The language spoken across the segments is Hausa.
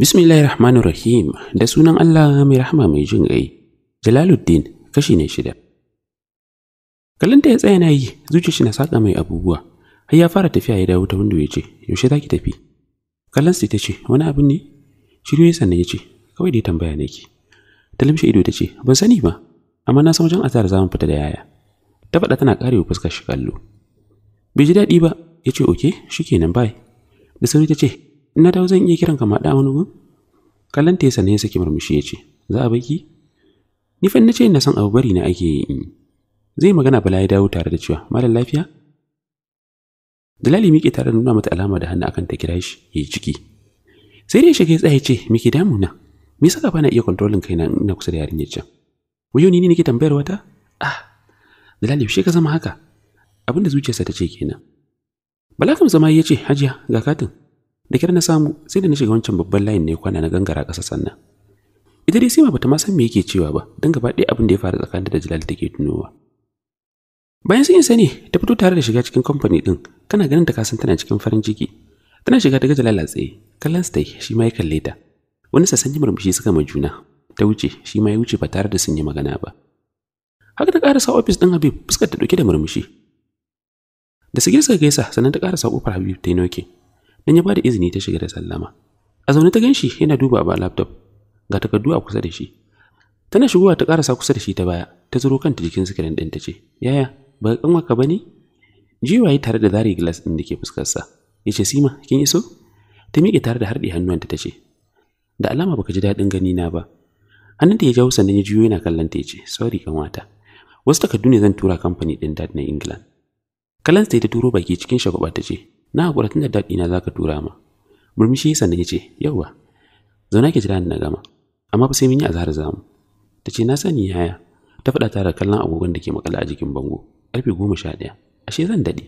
Bismillahirrahmanirrahim Rahim da sunan Allah mai rahama mai jin ƙai. Jalaluddin kashi ne shida. Kalanta ya tsaya na yi shi na saka mai abubuwa. Har ya fara tafiya ya dawo ta wanda ya ce, "Yaushe za ki tafi?" Kalansa ta ce, "Wani abin ne?" Shiru ya ya ce, "Kawai dai tambaya nake." Ta ido ta ce, "Ban sani ba, amma na san wajen azar za fita da yaya." ta faɗa tana ƙarewa fuskar shi kallo bai ji daɗi ba ya ce oke shi kenan bai da sauri ta ce ina dawo zan iya kiran ka maɗa wani gun kallon ta yi ya saki murmushi ya ce za a baki ni fa na ce ina son abu bari na ake yi in zai magana bala ya dawo tare da cewa malam lafiya dalali miƙe tare da nuna mata alama da hannu akan ta kira shi ya yi ciki sai dai shiga ya tsaye ce miki damuna me yasa ba na iya kai kaina ina kusa da yarinyar can wayo ni ne nake tambayar wata ah Bilal yaushe ka zama haka abin da zuciyarsa ta ce kenan Balakam zama ya ce hajiya ga katin da kira na samu sai da na shiga wancan babban layin ne kwana na gangara ƙasa sannan ita dai sima bata ma san me yake cewa ba don gaba ɗaya abin da ya faru tsakanin da Jalal take tunowa bayan sun yi sani ta fito tare da shiga cikin kamfani ɗin kana ganin ta kasan tana cikin farin ciki tana shiga daga Jalal a tsaye kallon ta shi ma ya kalle ta wani sassan murmushi suka ma juna ta wuce shi ma ya wuce ba tare da sun yi magana ba haka ta karasa ofis ɗin habib fuskar ta ɗauke da murmushi da sigir suka gaisa sannan ta karasa kofar habib ta yi noke dan ya bada izini ta shiga da sallama a zaune ta ganshi yana duba ba laptop ga takardu a kusa da shi tana shigowa ta karasa kusa da shi ta baya ta zuro kanta jikin sikirin ɗin ta ce yaya ba ka kanwarka ba ne jiwaye tare da zari glass ɗin da ke fuskarsa ya ce sima kin iso ta miƙe tare da harɗe hannuwanta ta ce da alama baka ji daɗin gani na ba hannunta ya jawo sannan ya juyo yana kallon ta ya ce sorry kan wata wasu takardu ne zan tura kamfani ɗin dad na england kalan sai ta turo baki cikin shagwaba ta ce na haƙura tun da dad ɗina za ka tura ma murmushi sannan ya ce Yawwa, zauna ke jira na gama amma ba sai mun yi zahar zamu ta ce na sani yaya ta faɗa tara kallon agogon da ke makala a jikin bango ƙarfe goma sha ɗaya ashe zan daɗe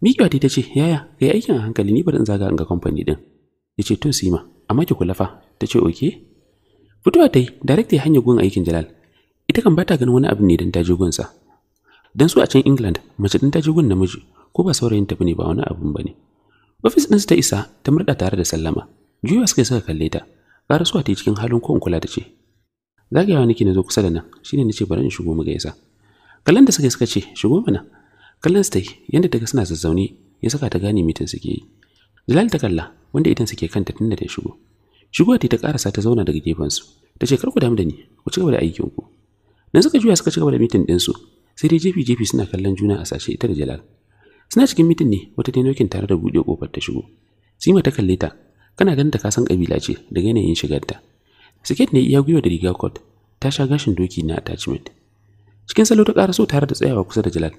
mikiwa ta ce yaya kai aikin a hankali ni bari in zaga in ga kamfani ɗin ya ce to sima amma ki kula fa ta ce oke fitowa ta yi direct ya hanya gun aikin jalal ita kan bata ganin wani abu ne dan ta Don gunsa dan su a can England mace dan ta gun namiji ko ba saurayin ta bane ba wani abun bane office din su ta isa ta murda tare da sallama juya suka saka kalle ta ƙara suwa ta cikin halin ko in kula ta ce zagayawa nake na zo kusa da nan shine nace bari in shigo mu gaisa kallon da suka suka ce shigo mana kallon su ta yi yadda ta ga suna zazzaune ya saka ta gane mitin suke yi jalal ta kalla wanda idan suke kanta tun da ta shigo shigo ta ta karasa ta zauna daga gefensu ta ce karku damu da ni ku ci gaba da ku dan suka juya suka cigaba da da mitin ɗinsu, sai dai jefi-jefi suna kallon juna a sashe ita da Jalal. Suna cikin mitin ne wata dai nokin tare da buɗe ƙofar ta shigo. Sima ta kalle ta, kana ganin ta ka san ƙabila ce daga yanayin shigarta. Siket ne iya gwiwa da riga kot, ta sha gashin doki na attachment. Cikin salo ta ƙara so tare da tsayawa kusa da Jalal.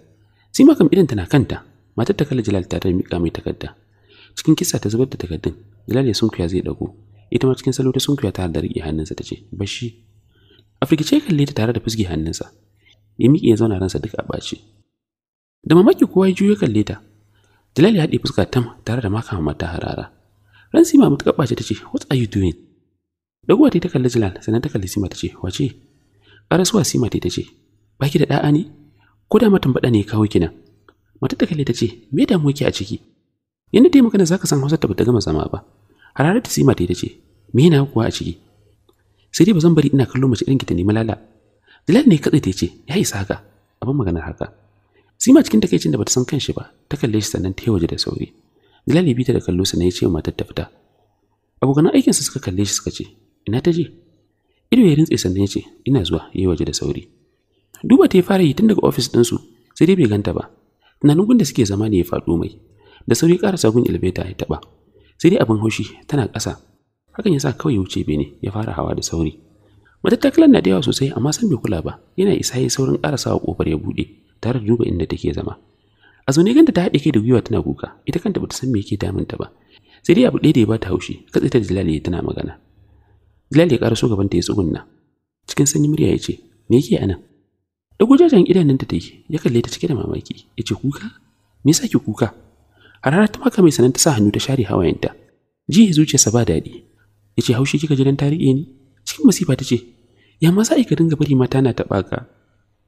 Sima kam idan na kanta, matar ta kalle Jalal ta miƙa mai takarda. Cikin kisa ta zubar da takardun, Jalal ya sunkuya zai dago. Ita ma cikin salo ta sunkuya ta da riƙe hannunsa ta ce, "Bashi, a firgice kalle ta tare da fusge hannunsa ya miƙe ya zauna ransa duk a ɓace da mamaki kowa ya juyo kalle ta jalal ya haɗe fuska tam tare da maka mata harara ran sima matuƙa ɓace ta ce what are you doing dagowa ta kalli jalal sannan ta kalli sima ta ce wace ƙarasuwa sima ta ce ba ki da ɗa'a ne ko da matan baɗa ne kawo kina matar ta kalli ta ce me damu ki a ciki yanda ta yi magana za ka san hausa ta bata gama zama ba Harare ta sima ta ce me na kuwa a ciki sai dai ba zan bari ina kallo mace irin ki ta nemi lala ne kadai ta ce ya isa haka abin maganar haka Sima cikin takeicin da bata san kanshi ba ta kalle shi sannan ta waje da sauri Bilal ya bi ta da kallo sannan ya ce matar ta fita Abokan aikinsa suka kalle shi suka ce ina ta je Ido ya rintse sannan ya ce ina zuwa ya yi waje da sauri Duba ta fara yi tun daga ofis ɗinsu sai dai bai ganta ba tunanin gun da suke zama ne ya faɗo mai da sauri ƙara sagun elevator ya taɓa sai dai abin haushi tana kasa. hakan ya yasa kawai ya wuce bene ya fara hawa da sauri matattakalar na da yawa sosai amma san bai kula ba yana isa ya saurin karasawa kofar ya buɗe tare da duba inda take zama a zaune ganta ta haɗe kai da gwiwa tana kuka ita kanta bata san me yake ta ba sai dai abu ɗaya da ya bata haushi katse ta jilali tana magana jilali ya karaso gaban ta ya tsugunna cikin sanyi murya ya ce me yake anan da gujajen idanun ta yi ya kalle ta cike da mamaki ya ce kuka me yasa ki kuka a ranar ta maka mai sanan ta sa hannu ta share hawayenta ji zuciyarsa ba daɗi ya ce haushi kika ji ta riƙe ni cikin masifa ta ce ya ma sa ka dinga bari mata na taɓa ka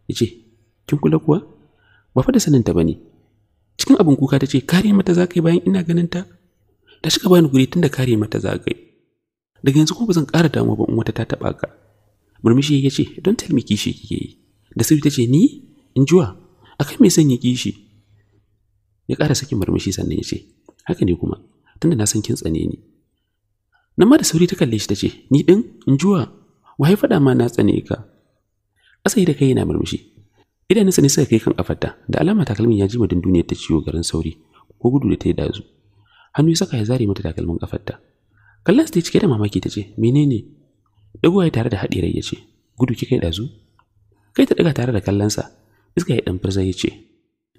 ya ce kin kula kuwa ba fa da sanin ta bane cikin abin kuka ta ce kare mata za ka bayan ina ganin ta ta shiga bani guri da kare mata za ka daga yanzu kuma ba zan ƙara damuwa ba in wata ta taɓa ka murmushi ya ce don tell me kishi kike yi da sirri ta ce ni in juwa akan me sanya kishi ya kara sakin murmushi sannan ya ce haka ne kuma tunda na san kin tsane ni Na ma da sauri ta kalle shi ta ce ni din injuwa wa ya ma na tsane ka asai da kai yana murmushi idanunsa ne suka kai kan kafarta da alama takalmin ya ji ma dunduniyar ta ciwo garin sauri ko gudu da ta yi dazu hannu ya saka ya zare mata takalmin kafarta kallon ta cike da mamaki ta ce menene ne? ya tare da haɗe rai ya ce gudu kika yi dazu kai ta daga tare da kallonsa iska ya dan farza ya ce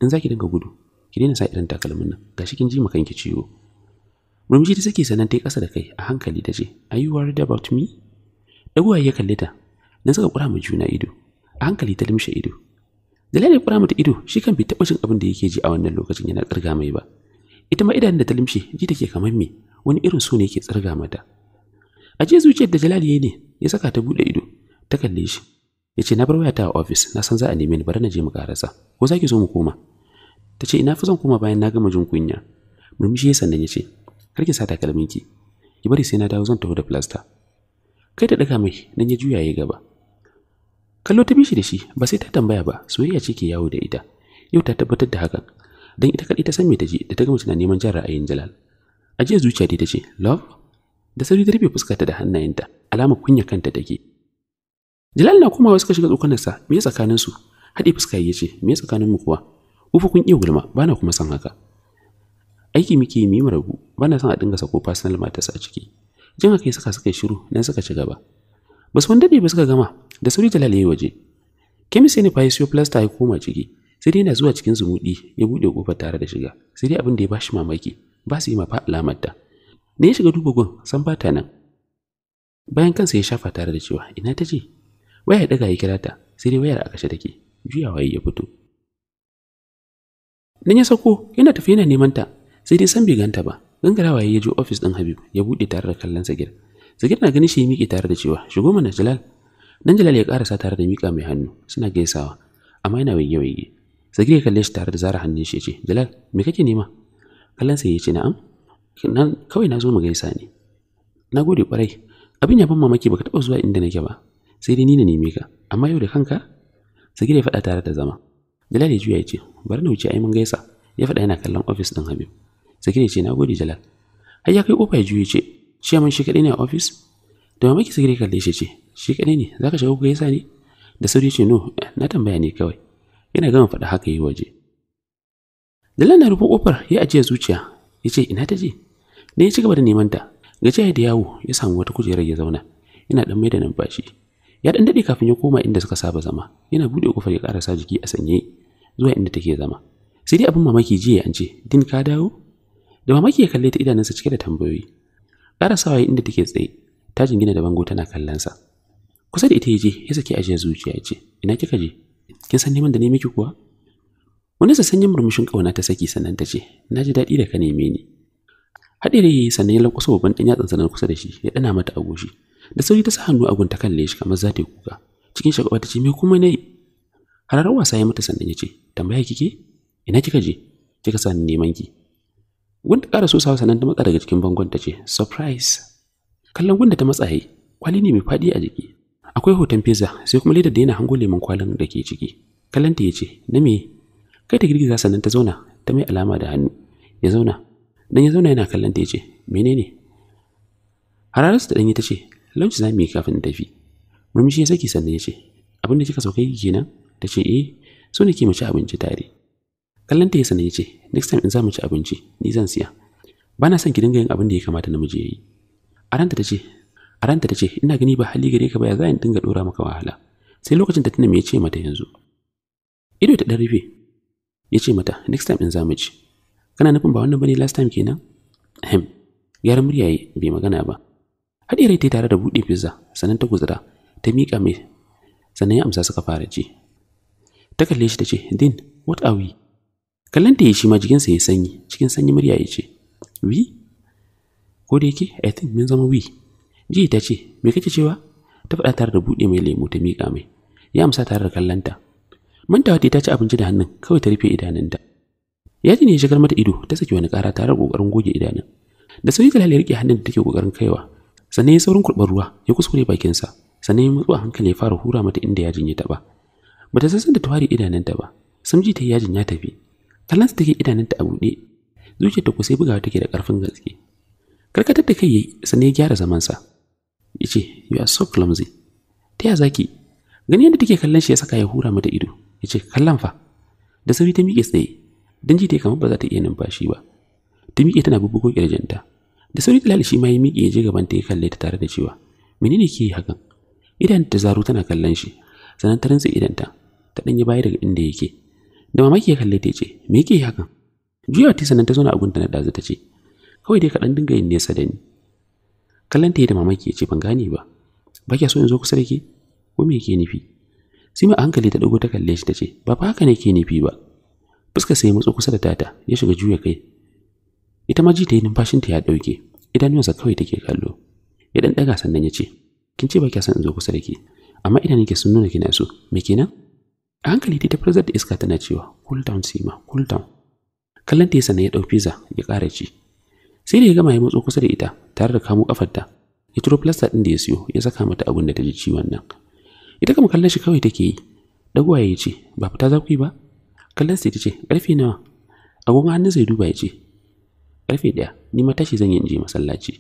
in zaki dinga gudu ki daina sa irin takalmin nan gashi kin ji makanki ciwo murmushi ta sake sanan ta kasa da kai a hankali ta ce are you worried about me dagowa ya kalle ta dan suka kura mu juna ido a hankali ta limshe ido Jalal ya kura mata ido shi kan bi taɓa jin abin da yake ji a wannan lokacin yana tsirga mai ba ita ma idanun da ta limshe ji take kamar me wani irin so ne yake tsirga mata a jiya zuciyar da Jalal yayi ne ya saka ta bude ido ta kalle shi ya ce na bar wayata a ofis na san za a nemi ni bari na je mu karasa ko za ki zo mu koma ta ce ina fi zan koma bayan na gama jin kunya murmushi ya sannan ya ce kar ki sa takalmin ki ki bari sai na dawo zan taho da plaster kai ta daga mai nan ya juya ya gaba kallo ta bishi da shi ba sai ta tambaya ba soyayya ce ke yawo da ita yau ta tabbatar da hakan dan ita kadai ta san me ta ji da ta gama tana neman jin ra'ayin Jalal a jiya zuciya dai ta ce love da sauri ta rufe fuskarta da hannayenta alamar kunya kanta take Jalal na komawa suka shiga tsokanarsa me tsakaninsu haɗe fuska ya ce me tsakaninmu kuwa ufa kun iya gulma bana kuma san haka aiki muke yi mu rabu bana son a dinga sako personal matters a ciki jin haka suka suka shiru nan suka ci gaba basu wanda ba suka gama da sauri jalal ya waje kemis sai ne ya siyo plaster ya koma ciki sai dai yana zuwa cikin zumudi. ya bude kofar tare da shiga sai dai abin da ya bashi mamaki ba su yi mafa alamar ta ne ya shiga duba gun san bata nan bayan kansa ya shafa tare da cewa ina ta ce waya ya daga ya kira ta sai dai wayar a kashe take juyawa ya fito nan ya sako yana tafi yana neman ta sai dai san bai ganta ba gangarawa ya je ofis ɗin habib ya bude tare da kallon sagir sagir na gani shi ya miƙe tare da cewa shigo mana jalal dan jalal ya karasa tare da miƙa mai hannu suna gaisawa amma yana waige waige sagir ya kalle shi tare da zara hannun shi ya ce jalal me kake nema kallon sai ya ce na'am kawai na zo mu gaisa ne na gode kwarai abin ya ban mamaki baka taba zuwa inda nake ba sai dai ni na neme ka amma yau da kanka sagir ya faɗa tare da zama jalal ya juya ya ce bari na wuce ai mun gaisa ya faɗa yana kallon ofis ɗin habib Sagir ce na gode Jalal. Har ya kai kofa ya juye ce, shi man shi kadai ne a ofis? Da mamaki Sagir kalle shi ce, shi kadai ne, za ka shiga kuka yasa ne? Da sauri ce no, eh, na tambaya ne kawai. Yana gama faɗa haka yi waje. Jalal na rufe kofar ya ajiye zuciya, ya ce ina ta je? Da ya ci gaba da neman ta, gajiya da yawo ya samu wata kujerar ya zauna. Yana dan mai da numfashi. ya dan dade kafin ya koma inda suka saba zama yana bude kofar ya karasa jiki a sanye zuwa inda take zama sai dai abin mamaki jiya an ce din ka dawo da mamaki ya kalle ta idanunsa cike da tambayoyi ƙarasawa inda take tsaye ta gina da bango tana kallonsa kusa da ita ya je ya saki aje zuciya ya ce ina kika je kin san neman da ne miki kuwa wani sanyin murmushin kauna ta saki sannan ta ce na ji daɗi da ka neme ni haɗe yayi sannan ya lankwasa babban ɗan yatsan sanar kusa da shi ya ɗana mata a goshi da sauri ta sa hannu a gunta ta kalle shi kamar za ta yi kuka cikin shagaba ta ce me kuma na yi hararar wasa ya mata sannan ya ce tambaya kike ina kika je kika sa neman ki Wanda ƙara so sawa sanan ta matsa daga cikin bangon ta ce, Surprise! Kallon gunda ta matsa kwali ne mai faɗi a jiki. Akwai hoton pizza sai kuma leda da yana hango lemon kwalin da ke ciki. Kallon ta yi ce, Na me? Kai ta girgiza sanan ta zauna, ta mai alama da hannu. Ya zauna. Dan ya zauna yana kallon ta yi ce, Menene? Hararar ta ɗanyi ta ce, Lauci za mu yi kafin tafi. Murmushi ya saki sannan ya ce, Abin da kika sauka yi nan Ta ce, Eh, so nake mu ci abinci tare. kallon ta ya sanaye ce next time in za mu ci abinci ni zan siya ba na son ki dinga yin abin da ya kamata namiji ya yi a ta ce a ranta ta ce ina gani ba hali gare ka ba ya za in dinga dora maka wahala sai lokacin da tuna me ya ce mata yanzu ido ta dan rufe yace mata next time in za mu ci kana nufin ba wannan bane last time kenan ahem gyaran murya yi bai magana ba haɗe rai ta tare da buɗe pizza sannan ta guzura ta miƙa mai sannan ya amsa suka fara ci ta kalle shi ta ce din what are we kallon ta yi shi ma jikinsa ya sanyi cikin sanyi murya ya ce wi ko da yake i think mun zama wi ji ta ce me kake cewa ta faɗa tare da buɗe mai lemu ta miƙa mai ya amsa tare da kallon ta mantawa ta ci abinci da hannun kawai ta rufe idanunta yaji ne ya shigar mata ido ta saki wani kara tare da ƙoƙarin goge idanun da sauyi kalal ya riƙe hannun da take ƙoƙarin kaiwa sannan ya saurin kurɓar ruwa ya kuskure bakinsa sannan ya mutsu a hankali ya fara hura mata inda yajin ya taɓa ba ta san da tawari idanunta ba ji ta yajin ya tafi kallon take idanunta a buɗe zuciyarta ta sai bugawa take da karfin gaske karkatar da kai yayi sannan ya gyara zamansa sa. ce you are so clumsy ta zaki gani yadda take kallon shi ya saka ya hura mata ido yace ce fa da sauri ta miƙe tsaye don ji ta kamar ba za ta iya numfashi ba ta miƙe tana bubbugo ƙirjinta da sauri ta lalashi ma ya miƙe ya je gaban ta ya kalle ta tare da cewa menene ke hakan idan ta zaro tana kallon shi sanan ta rantsa idanta ta danyi baya daga inda yake da mamaki ya kalle ta ce me yake hakan juya ta sanan ta zo na agunta na dazu ta ce kawai dai ka dan dinga yin nesa da ni kallon ta yi da mamaki ya ce ban gane ba ba kya so in zo kusa da ke ko me yake nufi sai mai hankali ta dago ta kalle shi ta ce ba fa haka ke nufi ba fuska sai mutsu kusa da tata ya shiga juya kai ita ma ji ta yi numfashin ta ya ɗauke idanuwansa kawai take kallo ya daga sannan ya ce kin ce ba kya son in zo kusa da ke amma idan nake sun nuna kina so me kenan a hankali ta tafar da iska tana cewa cool down sima cool down kallon ta sannan ya dau pizza ya ƙara ci sai da ya gama ya matso kusa da ita tare da kamo kafarta ya turo plaster ɗin da ya siyo ya saka mata abin da ta ji ciwon nan ita kuma kallon shi kawai take yi dagwa ya ce ba fita za ku yi ba kallon sai ta ce karfe nawa agogon hannun sai duba ya ce karfe ɗaya ni ma tashi zan yi in je masallaci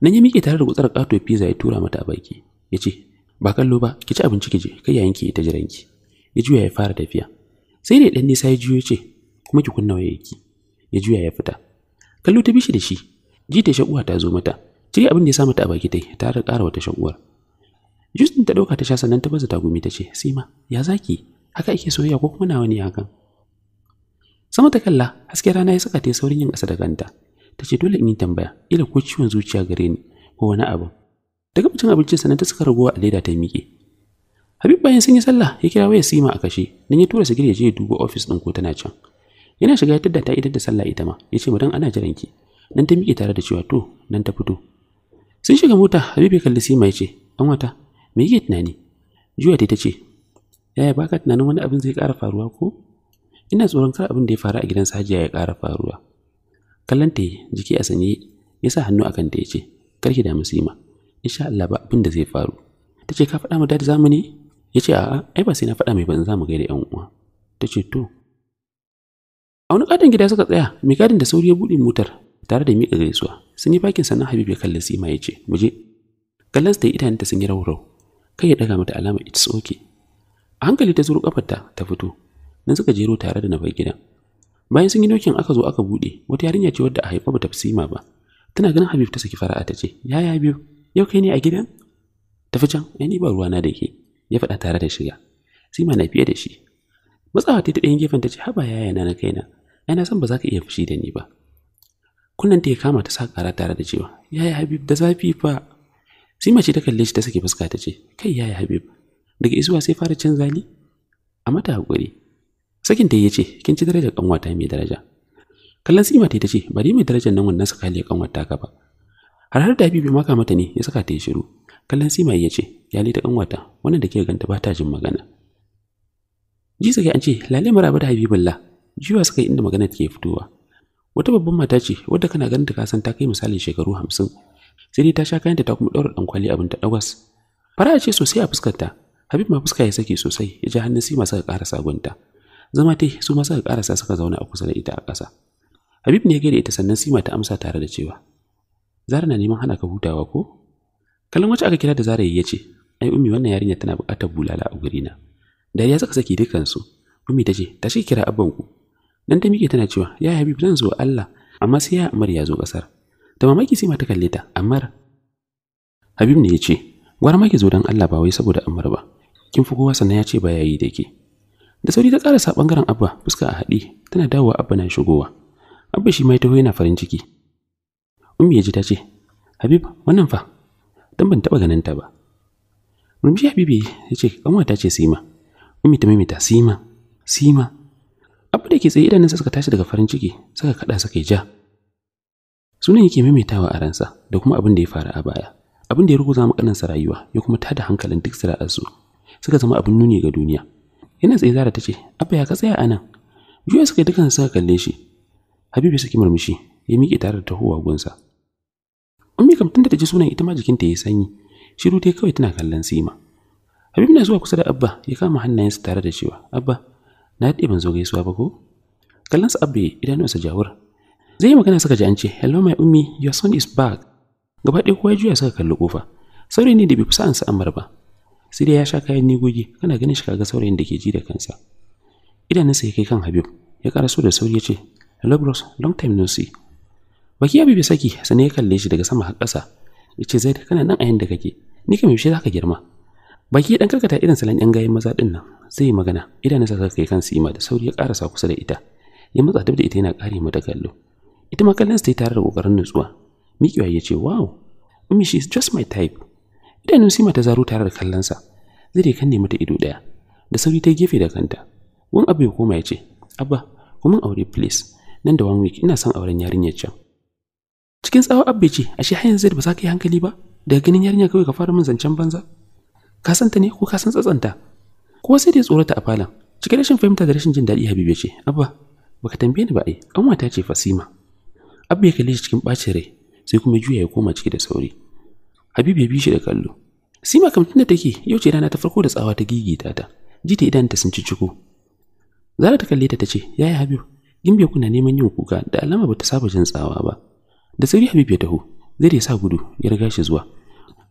nan ya miƙe tare da gutsar ƙato pizza ya tura mata a baki ya ce ba kallo ba ki ci abinci ki je kai yayin ki ta jiranki ya juya ya fara tafiya sai da ɗan nisa ya juyo ce kuma ki kunna wayarki ya juya ya fita kallo ta bishi da shi ji ta shakuwa ta zo mata cire abin da ya sa mata a baki tai ta har ƙara wata shakuwar Justin ta ɗauka ta sha sannan ta baza ta gumi ta ce Sima ya zaki haka ake soyayya ko kuma nawa ne hakan Sama ta kalla hasken rana ya saka ta saurin yin ƙasa da kanta ta ce dole in yi tambaya ila ko ciwon zuciya gare ni ko wani abu daga cin abincin sannan ta saka ragowa a leda ta miƙe Habib bayan sun yi sallah ya kira waya Sima a kashe, dan ya tura sigiri ya je ya duba office din ko tana can. Yana shiga ya tadda ta idan da sallah ita ma, ya ce dan ana jiran ki. Nan ta miƙe tare da cewa to, nan ta fito. Sun shiga mota, Habib ya kalli Sima ya ce, "An wata, me yake tunani?" Juya ta ce, "Yaya baka tunanin wani abin zai ƙara faruwa ko?" Ina tsoron kar abin da ya faru a gidan Hajiya ya ƙara faruwa. Kallon ta jiki a sanye, ya sa hannu akan ta ya ce, "Kar ki damu Sima, insha Allah ba abin da zai faru." Ta ce, "Ka faɗa mu da zamani. ya ce a'a ai ba sai na faɗa mai ban za mu gaida yan uwa ta ce to a wani katon gida suka tsaya mai gadin da sauri ya buɗe motar tare da miƙa gaisuwa sun yi fakin sannan habib ya kalli sima ya ce mu je kallon ta yi ta sun yi rau kai ya ɗaga mata alama it's okay a hankali ta zuru ƙafarta ta fito nan suka jero tare da na bar gidan bayan sun yi dokin aka zo aka buɗe wata yarinya ce wadda a haifa bata sima ba tana ganin habib ta saki fara'a ta ce yaya biyu yau kai ne a gidan tafi can ai ni ba ruwana da ke ya faɗa tare da shiga sima na fiye da shi matsawa ta ɗayan gefen ta ce haba yaya na na kaina ai na san ba za ka iya fushi da ni ba kunnan ta ya kama ta sa ƙara tare da cewa yaya habib da zafi fa sima ce ta kalle shi ta sake fuska ta ce kai yaya habib daga isuwa sai fara cin zali a mata hakuri sakin ta ya ce kin ci darajar kanwata mai daraja kallon sima ta ce bari mai darajar nan wannan sakali kanwata ka ba har har da habib ya maka mata ne ya saka ta yi shiru kallon sima ya ce yali ta kanwata wannan da ke ganta ba ta jin magana ji sake an ce lale maraba da habibullah jiwa suka yi inda magana ke fitowa wata babban mata ce wadda kana ganin ta kasan ta kai misalin shekaru hamsin sai dai ta sha kayanta ta kuma ɗaura ɗan kwali abin ta ɗawas fara ce sosai a fuskar ta habib ma fuska ya sake sosai ya ji hannun sima suka kara sagunta. zama ta su ma suka ƙarasa suka zauna a kusa da ita a ƙasa habib ne ya gaida ita sannan sima ta amsa tare da cewa zara na neman hana ka hutawa ko kallon wacce aka kira da zara ya ce ai ummi wannan yarinya tana buƙatar bulala a na. da ya saka saki dukansu ummi ta ce ta shi kira abban ku dan ta mike tana cewa ya habib zan zo Allah amma sai ya amar ya zo kasar ta mamaki sai mata kalle ta amar habib ne ya ce gwara ma zo dan Allah ba wai saboda amar ba kin fi kowa sannan ya ce ba yayi da ke da sauri ta sa bangaren abba fuska a haɗi tana dawowa abba na shigowa abba shi ma ya taho yana farin ciki ummi ya ji ta ce habib wannan fa don ban taba ganin ta ba. Rumshi Habibi yace ce ta ce Sima, Ummi ta Sima, Sima. Abu da ke tsaye idanunsa suka tashi daga farin ciki suka kaɗa suka ja. Sunan yake maimaitawa a ransa da kuma abin da ya faru a baya. Abin da ya ruguza makanansa rayuwa ya kuma tada hankalin duk su suka zama abin nuni ga duniya. Yana tsaye Zara ta ce, Abba ya ka tsaya a Juya suka dukan suka kalle shi. Habibi suke murmushi ya miƙe tare da tahowa gunsa. Ummi kam tunda ta sunan ita ma jikinta ya sanyi. Shiru dai kawai tana kallon Sima. Habib na zuwa kusa da Abba ya kama hannayensa tare da cewa Abba na daɗe ban zo gaisuwa ba ko? kallon Kallonsa Abba ya nasa jawur. Zai yi magana saka ji an ce hello my ummi your son is back. Gaba ɗaya kowa juya suka kalli kofa. Saurayi ne da bai kusa an sa amar ba. Sai dai ya sha kayan nigogi kana ganin shi kaga saurayin da ke ji da kansa. Idanunsa ya kai kan Habib ya ƙara so da sauri ya ce hello bros long time no see. baki ya bibi saki sani ya kalle shi daga sama har ƙasa ya ce zai kana nan a yanda kake ni kam yaushe zaka girma baki dan karkata irin salan yan gayen maza din nan zai yi magana idanunsa suka kai kan sima da sauri ya karasa kusa da ita ya matsa dab da ita yana kare mata kallo ita ma kallon ta tare da kokarin nutsuwa mikiwa ya ce wow ummi she is just my type idanun sima ta zaro tare da kallon sa. zai dai kanne mata ido daya da sauri ta gefe da kanta wani abu ya koma ya ce abba kuma aure please nan da one week ina son auren yarinyar can cikin tsawon abba ce ashe hanyar zai ba za ka yi hankali ba daga ganin yarinya kawai ka fara min zancen banza ka san ta ne ko ka san tsatsanta kowa sai da ya tsorata a falon cikin rashin fahimta da rashin jin daɗi habibu ce abba baka tambaye ni ba ai kanwata ce fasima abba ya kalle shi cikin ɓacin rai sai kuma juya ya koma ciki da sauri habibu ya bi shi da kallo sima kam tunda take yau ce rana ta farko da tsawa ta gigita ta ji ta idan ta sun ciko. zara ta kalle ta tace yaya habibu gimbe kuna neman yin kuka da alama ba ta saba jin tsawa ba da sauri habib ya taho zai da sa gudu ya riga shi zuwa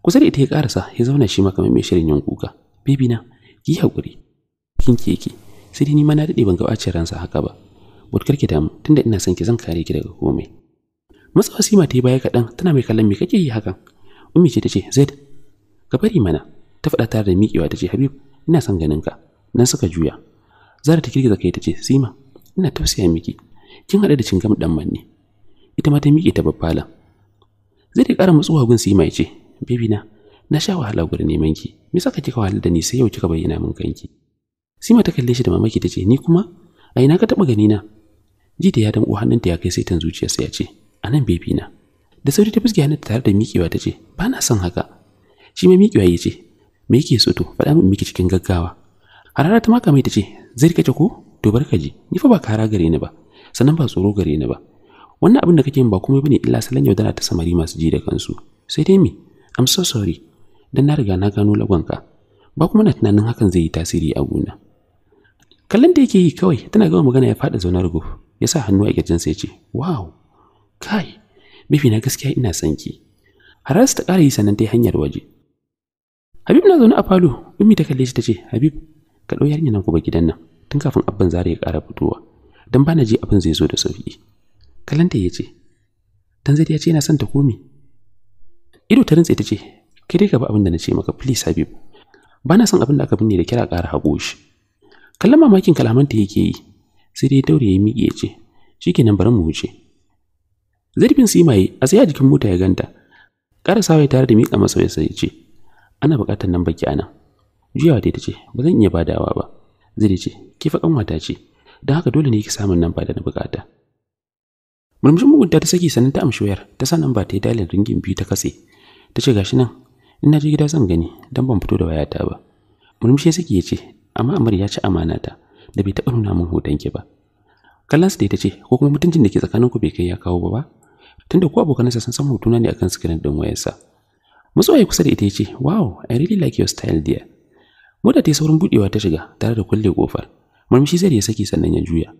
kusa da ita ya karasa ya zauna shi maka mai shirin yin kuka bibi na ki hakuri kin keke sai dai ni ma na daɗe ban ga bacin ransa haka ba butkar ki damu tunda ina son ki zan kare ki daga komai masa wasima ta yi baya kaɗan tana mai kallon me kake yi hakan ummi ce ta ce zaid ka bari mana ta faɗa tare da miƙewa ta ce habib ina son ganin ka nan suka juya zara ta girgiza kai ta ce sima ina tausaya miki kin haɗa da gam ɗan manne ita ma ta miƙe ta babbalan zai da ƙara matsuwa gun sima ya ce baby na na sha wahala gurin neman ki me saka kika wahala da ni sai yau kika bayyana min kanki sima ta kalle shi da mamaki ta ce ni kuma a ina ka taɓa gani na ji ya damƙo hannunta ya kai tan zuciyarsa ya ce a nan baby na da sauri ta fuske hannunta tare da miƙewa ta ce ba na son haka shi mai miƙewa ya ce me yake so to faɗa min miki cikin gaggawa harara ta maka mai ta ce zai rika ko to barka ji ni fa ba kara gare ni ba sannan ba tsoro gare ni ba wannan abin da kake yin ba komai bane illa salon yaudara ta samari masu ji da kansu sai dai mi i'm so sorry dan na riga na gano lagonka ba kuma na tunanin hakan zai yi tasiri a gona kallon da yake yi kawai tana gama magana ya faɗa zaunar guf ya sa hannu a kirjinsa ya ce wow kai bifi na gaskiya ina son ki harasu ta ƙara yi sannan ta hanyar waje habib na zaune a falo ummi ta kalle shi ta ce habib ka ɗau yarinya nan ku ba gidan nan tun kafin abban zara ya ƙara fitowa don bana ji abin zai zo da sauƙi kalanta ya ce tanzid ya ce yana son ta komi ido ta rintse ta ce kai dai gaba abin da na ce maka please habib ba na son abin da aka binne da kira ƙara hago shi kallon mamakin kalamanta yake yi sai dai daure ya miƙe ya ce nan bari mu wuce zarfin simaye a tsaye a jikin mota ya ganta ƙarasawa ya tare da miƙa masa ya ce ana buƙatar nan baki anan juyawa dai ta ce ba zan iya badawa ba zai ce ki fa ce don haka dole ne ki samun nan ba da na buƙata murmushin mugunta ta saki sannan ta amshi wayar ta sa ba ta yi dalin ringin biyu ta katse ta ce gashi nan in na je gida zan gani dan ban fito da wayata ba murmushi ya saki ya ce amma amar ya ci amana ta da bai taɓa nuna min ki ba kallansa da ita ce ko kuma mutuncin da ke tsakanin ku bai kai ya kawo ba ba tunda ko abokanansa sun san hotuna ne akan sikirin ɗin wayarsa matsuwaye kusa da ita ya ce wow i really like your style dear mota ta yi saurin buɗewa ta shiga tare da kulle kofar murmushi zai da ya saki sannan ya juya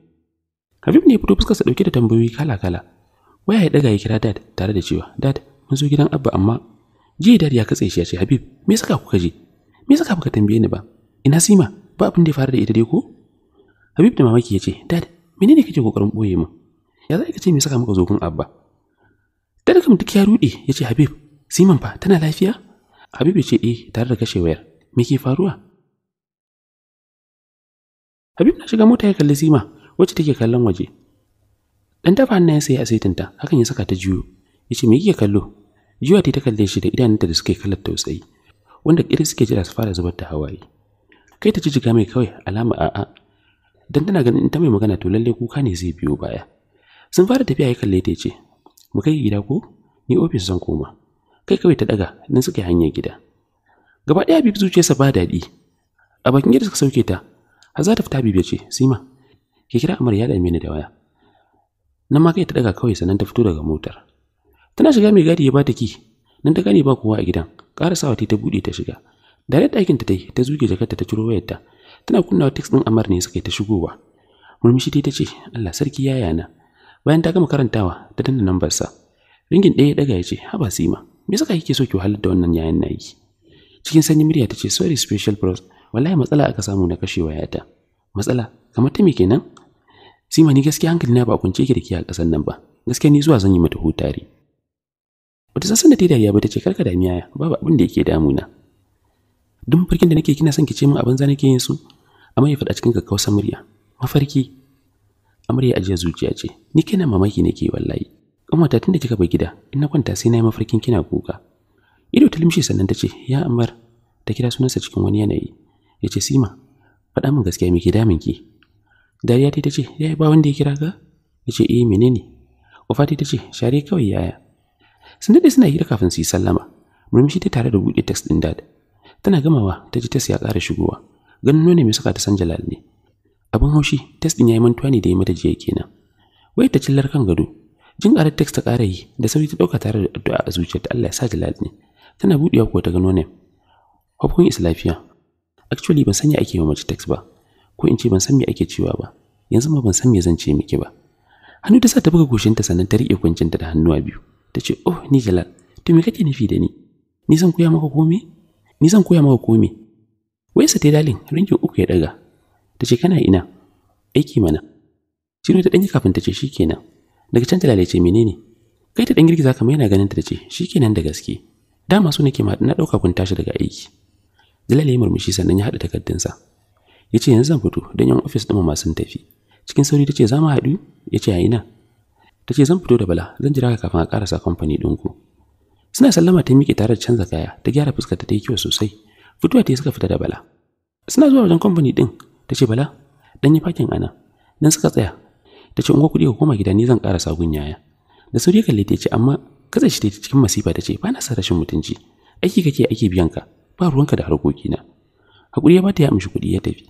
Habib ne ya fito fuskarsa dauke da tambayoyi kala-kala. Waya ya daga ya kira dad tare da cewa dad mun zo gidan abba amma jiya dad ya katse shi ya ce Habib me saka kuka je? Me saka baka tambaye ni ba? Ina Sima ba abin da ya faru da ita dai ko? Habib da mamaki ya ce dad menene kake kokarin boye mun Ya za ka ce me saka muka zo gun abba? Dad kam duk ya rude ya ce Habib Siman fa tana lafiya? Habib ya ce eh tare da kashe wayar. Me ke faruwa? Habib na shiga mota ya kalli Sima wacce take kallon waje dan dafa hannayen sai a saitinta hakan ya saka ta juyo ce me kike kallo juya ta ta kalle shi da idanunta da suke kallon tausayi wanda kiri suke jira su fara zubar da hawaye kai ta ci jiga mai kawai alama a'a dan tana ganin ta mai magana to lalle kuka ne zai biyo baya sun fara tafiya ya kalle ta yace mu kai gida ko ni ofis zan koma kai kawai ta daga nan suka hanyar gida gaba daya bibi zuciyarsa ba daɗi a bakin gida suka sauke ta har za ta fita bib ya ce sima Ke kira Amar ya dame ni da waya. Nan ma kai ta daga kawai sannan ta fito daga motar. Tana shiga mai gadi ya bata ki. Nan ta gani ba kowa a gidan. sawa ta bude ta shiga. Dare ɗakin ta tai ta zuge jakarta ta ciro wayarta. Tana kunnawa text din Amar ne suka yi ta shigowa. Murmushi dai ta ce, "Allah sarki yaya na." Bayan ta gama karantawa, ta danna nambarsa. Ringin ɗaya ya daga ya ce, "Haba Sima, me saka kike so ki wahalar da wannan yayan nayi?" Cikin sanyi murya ta ce, "Sorry special bros, wallahi matsala aka samu na kashe wayata." matsala kamar ta me kenan sima ni gaskiya hankali na ba kunce ki da ke a nan ba gaskiya ni zuwa zan yi mata hutare wata san sanda ta dariya ba ta ce karka da miya babu abin da yake damuna duk farkin da nake kina son ki ce min abin za yin su amma ya fada cikin kakkausar murya mafarki amarya ajiya zuciya ce ni kina mamaki nake wallahi kanwata da kika bar gida in na kwanta sai na yi mafarkin kina kuka ido ta limshe sannan ta ce ya amar ta kira sunansa cikin wani yanayi ya ce sima faɗa min gaskiya me ke damin ki dariya ta ce yayi ba wanda ya kira ka yace eh menene wafati ta ce share kawai yaya sun daɗe suna hira kafin su yi sallama murmushi ta tare da buɗe text ɗin dad tana gamawa ta ji tas ya ƙara shigowa ganin nuna mai saka ta san jalal ne abin haushi text ɗin ya yi mantuwa ne da ya mata jiya kenan wai ta cillar kan gado jin ƙarar text ta ƙara yi da sauri ta ɗauka tare da addu'a a zuciyarta Allah ya sa jalal ne tana buɗewa ko ta gano ne hukun is lafiya actually ban san me ake wa mace text ba ko in ce ban san me ake cewa ba yanzu ma ban san me zan ce miki ba hannu ta sa ta buga ta sannan ta kuncin ta da hannuwa biyu ta ce oh ni jalal to me kake nufi da ni ni zan koya maka komai ni zan koya maka komai dalin uku ya daga ta ce kana ina aiki mana shiru ta danyi kafin ta ce shikenan daga can ta lalace menene kai ta dan girgiza kamar yana ganin ta da ce shikenan da gaske dama su nake ma na dauka kun tashi daga aiki Jalal ya murmushi sannan ya haɗa takardunsa. Ya ce yanzu zan fito don yan ofis ɗin ma sun tafi. Cikin sauri ta ce za mu haɗu? Ya ce na. Ta ce zan fito da bala zan jira ka kafin a ƙarasa kamfani ɗinku. Suna sallama ta miƙe tare da canza kaya ta gyara fuskar ta ta yi kyau sosai. Fitowa ta suka fita da bala. Suna zuwa wajen kamfani ɗin ta ce bala ɗan yi fakin ana. Nan suka tsaya ta ce ungo kuɗi ka koma gida ni zan ƙarasa gunyaya. Da sauri ya kalle ta ce amma zai shi ta cikin masifa ta ce ba na son rashin mutunci. Aiki kake aiki biyan ka. ba ruwanka da na. hakuri ya bata ya amshi kuɗi ya tafi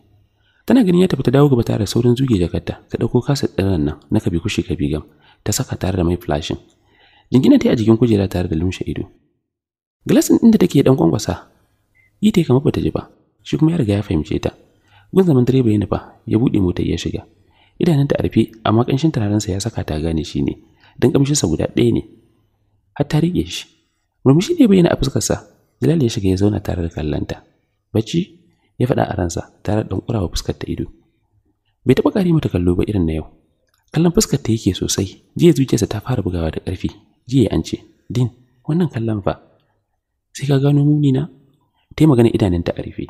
tana ganin ya tafi ta dawo gaba tare da saurin zuge jakarta ta dauko kasa ɗiran nan na kabi kushi kabi gam ta saka tare da mai flashing jingina ta a jikin kujera tare da lumshe ido glasin ɗin da take dan kwankwasa yi ta kamar bata ji ba shi kuma ya riga ya fahimce ta gun zaman direba ya nufa ya buɗe motar ya shiga idanun ta arfe amma kanshin turarensa ya saka ta gane shi ne don sa guda ɗaya ne har ta rike shi murmushi ne bayyana a fuskarsa Jalal ya shiga ya zauna tare da kallanta. Bacci ya faɗa a ransa tare da ɗankurawa fuskar ta ido. Bai taɓa ƙari mata kallo ba irin na yau. Kallon fuskar ta yake sosai, jiya zuciyarsa ta fara bugawa da ƙarfi, jiya an ce, Din, wannan kallon fa, sai ka gano muni na? Ta yi idanun ta a rufe.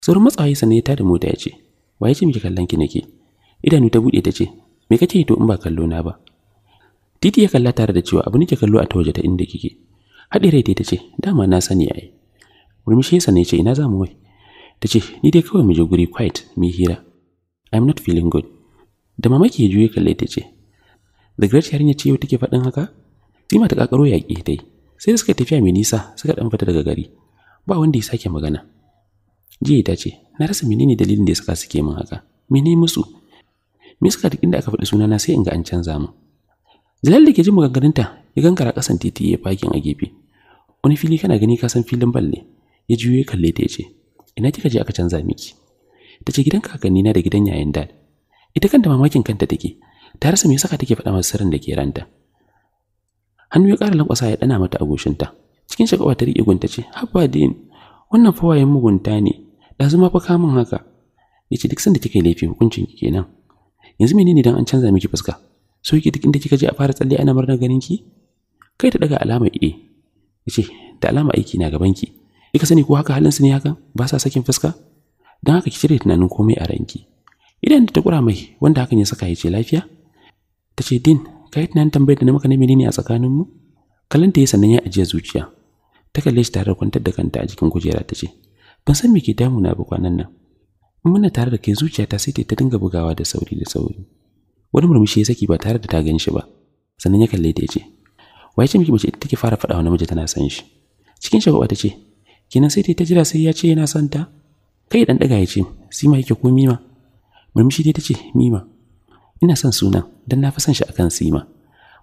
Sauran matsawaye sannan ya tada mota ya ce, Wa ya ce miki kallon ki nake? Idanu ta buɗe ta ce, Me kake yi to in ba kallo na ba? Titi ya kalla tare da cewa abu nake kallo a ta waje ta inda kike. haɗe rai ta ce dama na sani yayi murmushi ya sane ce ina za mu wai ta ce ni dai kawai mu je guri quiet mu hira i'm not feeling good da mamaki ya juye kalle ta ce da great yarinya ce yau take faɗin haka sima ta kakaro yaƙi ta yi sai da suka tafiya mai nisa suka ɗan fita daga gari ba wanda ya sake magana jiya ta ce na rasa menene dalilin da ya saka suke min haka mene musu me suka duk inda aka faɗi sunana sai in ga an canza mu Jalal da ke jin maganganunta ya gangara kasan titi ya bakin a gefe wani fili kana gani ka san filin ne. ya juyo ya kalle ta ya ce ina kika je aka canza miki ta ce gidan kakanni na da gidan yayin dad ita kanta mamakin kanta take ta rasa me saka take faɗa masa sirrin da ke ranta hannu ya ƙara lankwasa ya dana mata agushinta. cikin shagawa ta riƙe gunta ce habba din wannan fawayen mugunta ne da zuma fa kamun haka ya duk sanda kika yi laifi hukuncin ki kenan yanzu menene dan an canza miki fuska so ki duk inda kika je a fara tsalle ana murna ganin ki kai ta daga alamar e ce da alama aiki na gaban ki Ika sani ko haka halin su ne haka ba sa sakin fuska dan haka ki cire tunanin komai a ranki idan ta kura mai wanda hakan ya saka ya ce lafiya ta ce din kai tunanin tambayar da na maka ne menene a tsakanin mu ta yi sannan ya ajiye zuciya ta kalle shi tare da kwantar da kanta a jikin kujera ta ce ban san me ke damuna ba kwanan nan in muna tare da kai zuciya ta sai ta dinga bugawa da sauri da sauri wani murmushi ya saki ba tare da ta gani shi ba sannan ya kalle ta ya wai ce miki mace ita take fara faɗa wa namiji tana san shi cikin shagwaba ta ce kenan sai ta jira sai ya ce yana son ta kai dan daga ya ce sima yake ko mima murmushi dai ta ce mima ina son sunan dan na fi son shi akan sima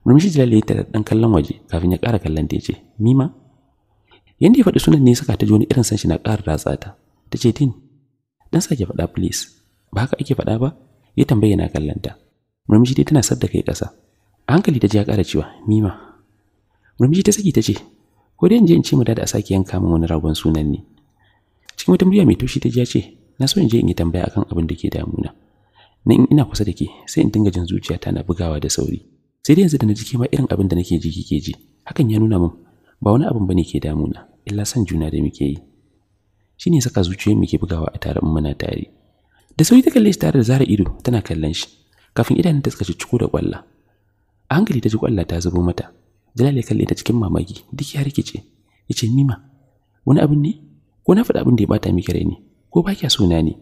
murmushi jalal ya ta dan kallon waje kafin ya ƙara kallon ta ya ce mima yanda ya faɗi sunan ne saka ta ji wani irin san shi na ƙara ratsa ta ta ce tin dan sake faɗa please ba haka ake faɗa ba ya tambaye na kallon ta murmushi dai tana sadda kai ƙasa a hankali ta ji ya ƙara cewa mima Rumji ta saki ta ce, ko dai in je in ce mu dada a sake yanka min wani ragon sunan ne. Cikin wata murya mai taushi ta ji ya ce, na so in je in yi tambaya akan abin da ke damuna. Na in ina kusa da ke sai in dinga jin zuciya na bugawa da sauri. Sai dai yanzu da na ji kima irin abin da nake ji kike ji. Hakan ya nuna min ba wani abin bane ke damuna, illa san juna da muke yi. Shi ne saka zuciyoyin ke bugawa a tare in muna tare. Da sauri ta kalle shi tare da zara ido tana kallon shi. Kafin idan ta suka ci ciko da kwalla. A hankali ta ji kwalla ta zubo mata, Jalal ya kalle ta cikin mamaki, duk ya rikice. Yace Mima, wani abin ne? Ko na faɗa abin da ya bata miki rai ne? Ko ba kya suna ne?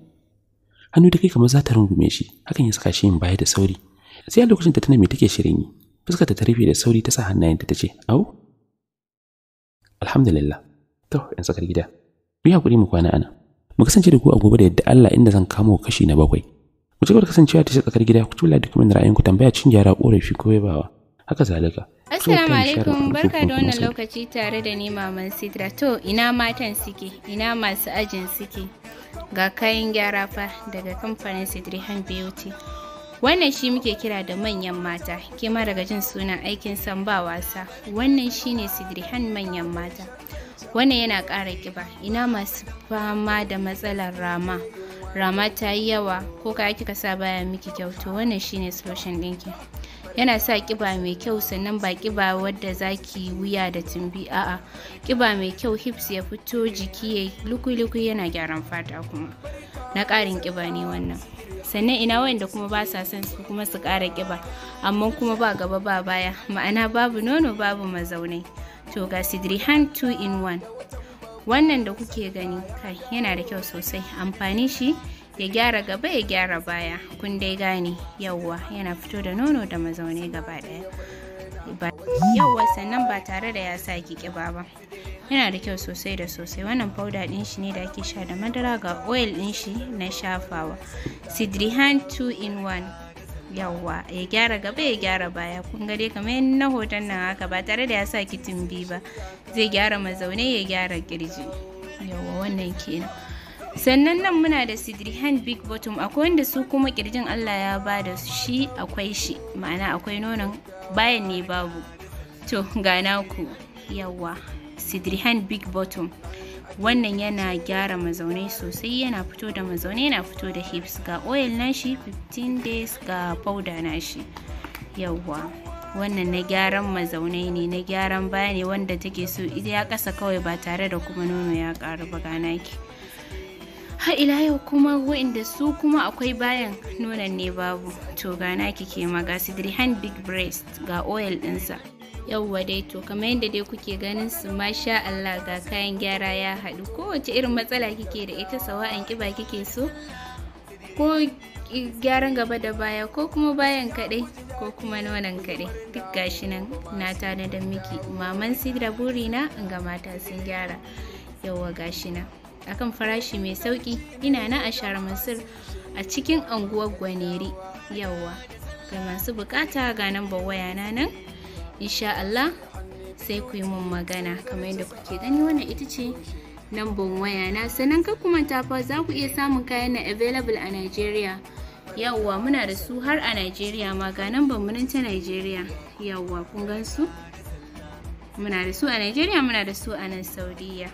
Hannu da kai kamar za ta rungume shi, hakan ya saka shi yin baya da sauri. Sai a lokacin ta tana me take shirin yi. Fuskar ta rufe da sauri ta sa hannayen ta ce, "Au." Alhamdulillah. To, in saka gida. Mu ya hakuri mu kwana ana. Mu kasance da ku a gobe da yadda Allah inda zan kamo kashi na bakwai. Ku ci gaba da kasancewa ta tsakar gida ku tula da kuma ra'ayinku tambaya cin gyara ƙorafi ko yabawa. Haka zalika. Assalamu alaikum barka da wannan lokaci tare da ni maman Sidra. To ina matan suke, ina masu ajin suke. Ga kayan gyara fa daga kamfanin Sidrihan Beauty. Wannan shi muke kira da manyan mata, ke ma daga jin suna aikin san ba wasa. Wannan shine Sidrihan manyan mata. Wannan yana ƙara kiba, ina masu fama da matsalar rama. Rama ta yi yawa, ko ka kika sa baya miki kyau, to wannan shine solution ɗinki. yana sa kiba mai kyau sannan ba kiba wadda zaki wuya da tumbi a'a kiba mai kyau hips ya fito jiki ya lukuluku yana gyaran fata kuma na ƙarin kiba ne wannan sannan ina wanda kuma ba sa son su kuma su ƙara kiba amma kuma ba gaba ba baya ma'ana babu nono babu mazaunai to ga sidrihan 2 in 1 wannan da kuke gani kai yana da kyau sosai amfani shi ya gyara gaba ya gyara baya kun dai gane yawwa yana fito da nono da mazaune gaba daya yawwa sannan ba tare da ya sa ki kiba ba yana da kyau sosai da sosai wannan fauda din shi ne da ake sha da madara ga oil din shi na shafawa sidrihan 2 in 1 yawwa ya gyara gaba ya gyara baya kun ga dai yin na hoton nan haka ba tare da ya sa kitin bi ba zai gyara mazaune ya gyara kirji yawwa wannan kenan sannan nan muna da sidrihan big bottom akwai wanda su kuma kirjin allah ya ba da shi akwai shi ma'ana akwai nonon bayan ne babu to gana ku yawa sidrihan big bottom wannan yana gyara mazaunai sosai yana fito da mazaunai yana fito da hips ga oil nashi 15 days ga powder nashi yawa wannan na gyaran mazaunai ne na gyaran baya ne wanda take so ya kasa kawai ba tare da kuma nono ya karu ba ganaki ki. ha ila yau kuma wa'inda su kuma akwai bayan nonon ne babu to ga kike ke ma hand big breast ga oil ɗinsa yauwa dai to kamar yadda dai kuke ganin su masha Allah ga kayan gyara ya haɗu kowace irin matsala kike da ita an kiba kike so ko gyaran gaba da baya ko kuma bayan kaɗai ko kuma nonon kaɗai duk gashi nan na da miki maman sidra burina in ga mata sun gyara yauwa gashi nan akan farashi mai sauki ina na a Mansur a cikin anguwar Gwaneri yawwa. ga masu bukata ga nambar waya na nan insha Allah sai ku yi mun magana kamar yadda kuke gani wannan ita ce nambar waya na sannan kar kuma ta fa za ku iya samun kayan na available a Nigeria yawwa muna da su har a Nigeria. ma ga nan mu nan ta Nigeria yawwa kun gan su muna da su a Nigeria, muna da su a nan Saudiya